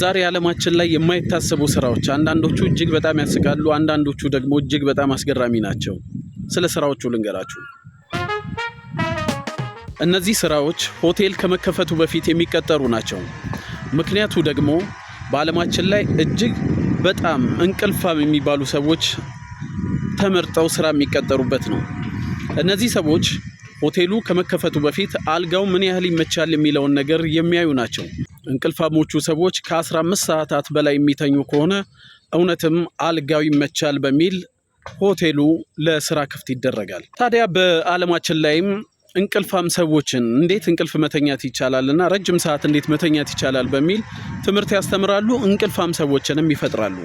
ዛሬ ዓለማችን ላይ የማይታሰቡ ስራዎች አንዳንዶቹ እጅግ በጣም ያስቃሉ፣ አንዳንዶቹ ደግሞ እጅግ በጣም አስገራሚ ናቸው። ስለ ስራዎቹ ልንገራችሁ። እነዚህ ስራዎች ሆቴል ከመከፈቱ በፊት የሚቀጠሩ ናቸው። ምክንያቱ ደግሞ በዓለማችን ላይ እጅግ በጣም እንቅልፋም የሚባሉ ሰዎች ተመርጠው ስራ የሚቀጠሩበት ነው። እነዚህ ሰዎች ሆቴሉ ከመከፈቱ በፊት አልጋው ምን ያህል ይመቻል የሚለውን ነገር የሚያዩ ናቸው። እንቅልፋሞቹ ሰዎች ከ15 ሰዓታት በላይ የሚተኙ ከሆነ እውነትም አልጋው ይመቻል በሚል ሆቴሉ ለስራ ክፍት ይደረጋል። ታዲያ በዓለማችን ላይም እንቅልፋም ሰዎችን እንዴት እንቅልፍ መተኛት ይቻላል እና ረጅም ሰዓት እንዴት መተኛት ይቻላል በሚል ትምህርት ያስተምራሉ። እንቅልፋም ሰዎችንም ይፈጥራሉ።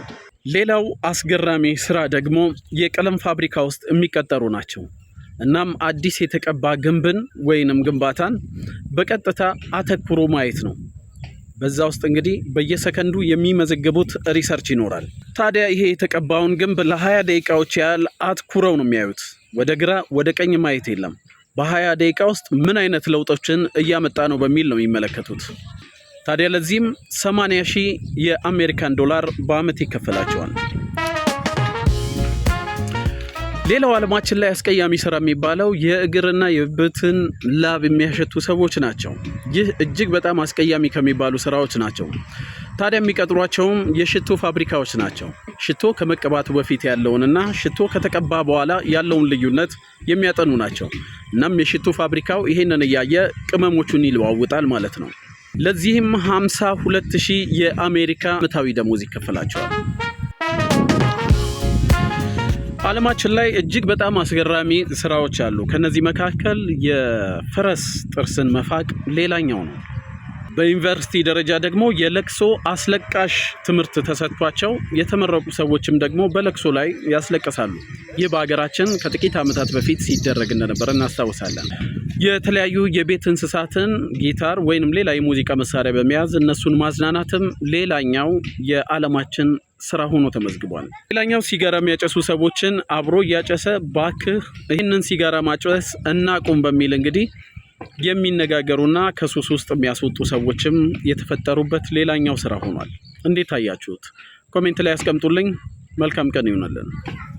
ሌላው አስገራሚ ስራ ደግሞ የቀለም ፋብሪካ ውስጥ የሚቀጠሩ ናቸው። እናም አዲስ የተቀባ ግንብን ወይንም ግንባታን በቀጥታ አተኩሮ ማየት ነው። በዛ ውስጥ እንግዲህ በየሰከንዱ የሚመዘግቡት ሪሰርች ይኖራል። ታዲያ ይሄ የተቀባውን ግንብ ለ20 ደቂቃዎች ያህል አትኩረው ነው የሚያዩት። ወደ ግራ ወደ ቀኝ ማየት የለም። በ20 ደቂቃ ውስጥ ምን አይነት ለውጦችን እያመጣ ነው በሚል ነው የሚመለከቱት። ታዲያ ለዚህም 80 ሺህ የአሜሪካን ዶላር በአመት ይከፈላቸዋል። ሌላው አለማችን ላይ አስቀያሚ ስራ የሚባለው የእግርና የብትን ላብ የሚያሸቱ ሰዎች ናቸው። ይህ እጅግ በጣም አስቀያሚ ከሚባሉ ስራዎች ናቸው። ታዲያ የሚቀጥሯቸውም የሽቶ ፋብሪካዎች ናቸው። ሽቶ ከመቀባቱ በፊት ያለውንና ሽቶ ከተቀባ በኋላ ያለውን ልዩነት የሚያጠኑ ናቸው። እናም የሽቶ ፋብሪካው ይሄንን እያየ ቅመሞቹን ይለዋውጣል ማለት ነው። ለዚህም 52 ሺህ የአሜሪካ ዓመታዊ ደሞዝ ይከፈላቸዋል። አለማችን ላይ እጅግ በጣም አስገራሚ ስራዎች አሉ። ከነዚህ መካከል የፈረስ ጥርስን መፋቅ ሌላኛው ነው። በዩኒቨርሲቲ ደረጃ ደግሞ የለቅሶ አስለቃሽ ትምህርት ተሰጥቷቸው የተመረቁ ሰዎችም ደግሞ በለቅሶ ላይ ያስለቅሳሉ። ይህ በሀገራችን ከጥቂት ዓመታት በፊት ሲደረግ እንደነበረ እናስታውሳለን። የተለያዩ የቤት እንስሳትን ጊታር ወይንም ሌላ የሙዚቃ መሳሪያ በመያዝ እነሱን ማዝናናትም ሌላኛው የዓለማችን ስራ ሆኖ ተመዝግቧል። ሌላኛው ሲጋራ የሚያጨሱ ሰዎችን አብሮ እያጨሰ ባክህ ይህንን ሲጋራ ማጨስ እናቁም በሚል እንግዲህ የሚነጋገሩና ከሱስ ውስጥ የሚያስወጡ ሰዎችም የተፈጠሩበት ሌላኛው ስራ ሆኗል። እንዴት አያችሁት? ኮሜንት ላይ ያስቀምጡልኝ። መልካም ቀን ይሆናለን።